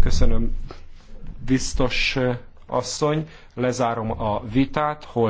Köszönöm, biztos eh, asszony. Lezárom a vitát. Hol